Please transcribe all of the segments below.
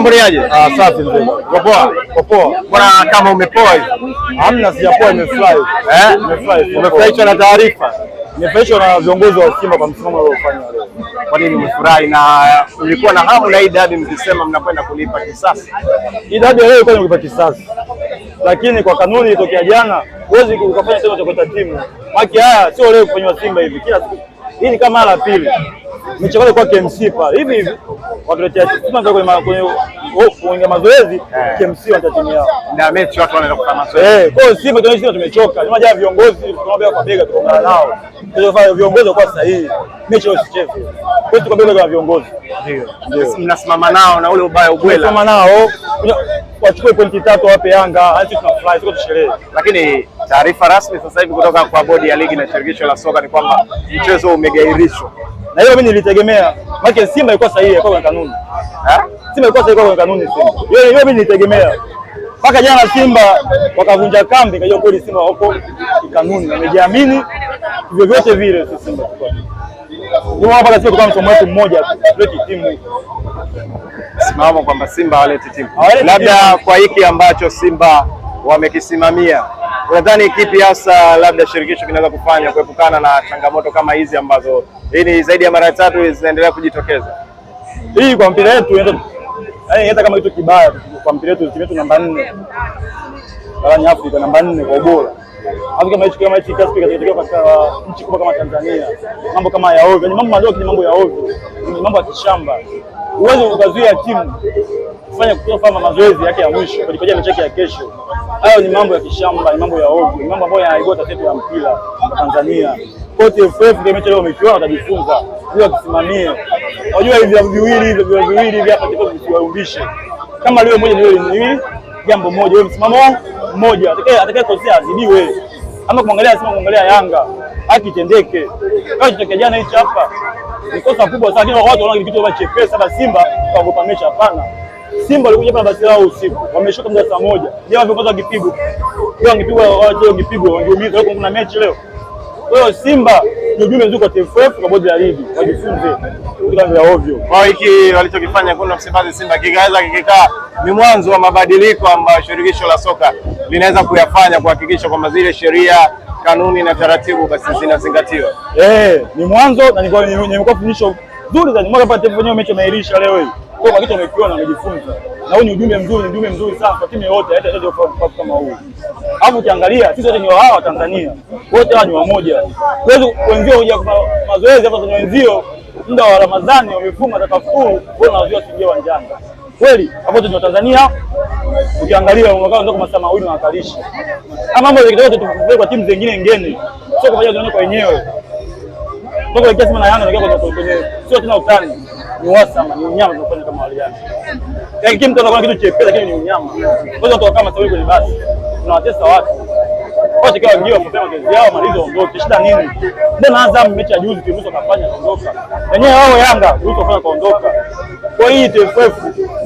Mboleaje? Ah, safi nzima. Poa. Poa. Bora kama umepoa hivi. Hamna sijapoa nimefurahi. Eh? Nimefurahi. Umefurahishwa na taarifa? Nimefurahishwa na viongozi wa Simba kwa msimamo uliofanya leo. Kwa nini umefurahi na ulikuwa na hamu na hii dabi mkisema mnakwenda kulipa kisasi? Hii dabi leo ilikuwa kulipa kisasi. Lakini kwa kanuni ilitokea jana, huwezi ukafanya tena utakuta timu. Haki haya sio leo kufanywa Simba hivi. Kila siku. Hii ni kama mara ya pili. Michezo kwa KMC pale. Hivi hivi wakiletea wanatuletea kwanza kwenye kwenye hofu mazoezi eh. KMC wanata timu yao na mechi watu wanaenda kufanya mazoezi eh. Kwa hiyo tunaishi na tumechoka, ni maja viongozi tunawaambia kwa bega, tunaongana nao tunafanya viongozi kwa sasa hii mechi usicheze kwa hiyo tukabele kwa viongozi, ndio ndio mnasimama nao na ule ubaya ubwela, mnasimama nao wachukue pointi tatu wape Yanga, hadi tunafurahi, siko tusherehe. Lakini taarifa rasmi sasa hivi kutoka kwa bodi ya ligi na shirikisho la soka ni kwamba mchezo umegairishwa, na hiyo mimi nilitegemea maana Simba ilikuwa sahihi kwa kanuni. Eh? Simba ilikuwa sahihi kwa kanuni Simba. Yeye yeye mimi nitegemea. Mpaka jana Simba wakavunja kambi, ikajua kweli Simba wako kanuni, wamejiamini vyovyote vile sisi Simba. Ndio hapa kasi kwa mtu wetu mmoja tulete timu simamo kwamba Simba walete timu. Labda kwa hiki ambacho Simba wamekisimamia Unadhani kipi hasa labda shirikisho kinaweza kufanya kuepukana na changamoto kama hizi ambazo hii ni zaidi ya mara tatu zinaendelea kujitokeza? Hii kwa mpira wetu inaweza eh, kama kitu kibaya kwa mpira wetu, timu yetu namba nne barani Afrika, namba nne kwa ubora katika nchi kubwa kama Tanzania, mambo kama ya ovyo, mambo madogo, ni mambo ya ovyo, ni mambo ya kishamba. Uwezo ukazuia timu kufanya kutoa fama mazoezi yake ya mwisho kwa ajili ya mechi ya kesho Hayo ni mambo ya kishamba, ni mambo ya ovu, ni mambo ambayo yanaibua tatizo ya mpira wa Tanzania. Kwa hiyo TFF ndio mechi leo michuano watajifunza ili wakisimamie. Unajua hivi vya viwili hivi vya viwili hivi hapa kitu visiwaumbishe. Kama leo moja leo ni jambo moja, wewe msimamo mmoja, atakaye atakaye kosea azidiwe. Ama kumwangalia sima kumwangalia Yanga haki itendeke. Kwa hiyo jana hicho hapa ni kosa kubwa sana, lakini watu wanaona kitu kama chepesi, hata Simba kaogopa mechi, hapana. Simba walikuja hapa na basi lao usiku, wameshuka muda saa moja. Je, wangepata kipigo? Leo wangepigwa wao, kipigo, wangeumiza. Leo kuna mechi leo. Kwa hiyo Simba ni ujumbe mzuri kwa TFF kwa bodi ya ligi, wajifunze kutoka ovyo. Kwa hiki walichokifanya kuna msibazi Simba kikaweza kikikaa, ni mwanzo wa mabadiliko ambayo shirikisho la soka linaweza kuyafanya kuhakikisha kwamba zile sheria kanuni na taratibu basi zinazingatiwa. Eh, ni mwanzo na nimekuwa fundisho zuri za mwaka pale TFF wenyewe mechi ameirisha leo hii kwa kwa kitu amekiona amejifunza, na huu ni ujumbe mzuri, ujumbe mzuri sana kwa timu yote, hata hata kwa kama huu. Alafu ukiangalia sisi wote ni wao wa Tanzania, wote hawa ni wamoja. Wewe wenzio kwa mazoezi hapa, kwenye wenzio muda wa Ramadhani wamefunga takafuru, wao na wazio tujie wanjanga kweli, hapo ni Tanzania. Ukiangalia umekaa ndoko masaa mawili na wakalishi, ama mambo yakitoka tutufungue kwa timu zingine ngeni, sio kwa ajili kwa wenyewe ndoko kiasi. na Yanga ndio kwa kwenye sio tena utani, ni wasa ni unyama kumaliana. Yaani mtu kitu chepesi lakini ni unyama. Kwa hiyo watu kama kwenye basi tunawatesa watu. Kwa hiyo wengine wamepea mazoezi yao malizo ondoke. Shida nini? Mbona Azam mechi ya juzi timu kafanya kuondoka. Wenyewe wao Yanga kuliko kufanya kuondoka. Kwa hiyo TFF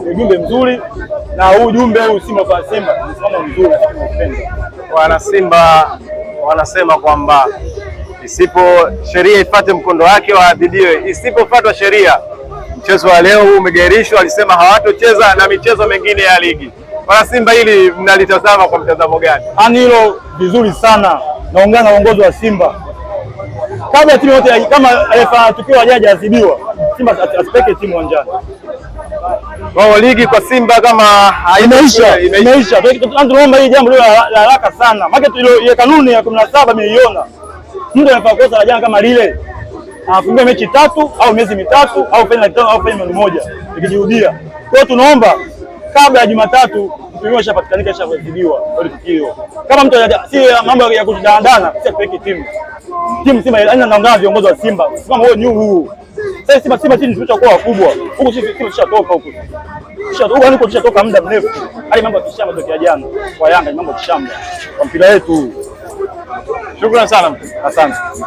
ni jumbe mzuri na huu jumbe huu Simba kwa Simba ni msimamo mzuri wana Simba wanasema kwamba isipo sheria ifate mkondo wake wa bidii, isipofuatwa sheria mchezo wa leo huu umegairishwa, alisema hawatocheza na michezo mengine ya ligi. Wana Simba, hili mnalitazama kwa mtazamo gani? Ani hilo vizuri sana, naongea na uongozi wa Simba kabla timu yote, kama tukio hajaadhibiwa, Simba asipeke timu uwanjani. Wao ligi kwa Simba kama imeisha, imeisha. Tunaomba hii jambo la haraka sana, maana ile kanuni ya 17 na saba mtu anafaa kosa la jana kama lile afungwe mechi tatu au miezi mitatu au fanye laki tano au fanye milioni moja ikijirudia. Kwa hiyo tunaomba kabla ya Jumatatu mtuhumiwa ashapatikanika, ashazidiwa kwa tukio. Kama mtu si mambo ya kutandana, si atupeleke timu timu nzima, yaani naongea viongozi wa Simba kama wewe nyuu huu sasa. Simba Simba sisi kuwa wakubwa huko, sisi timu tushatoka huko, tushatoka huko yaani tushatoka muda mrefu. Hali mambo ya kishamba tokea jana kwa Yanga ni mambo ya kishamba kwa mpira wetu. Shukrani sana, asante.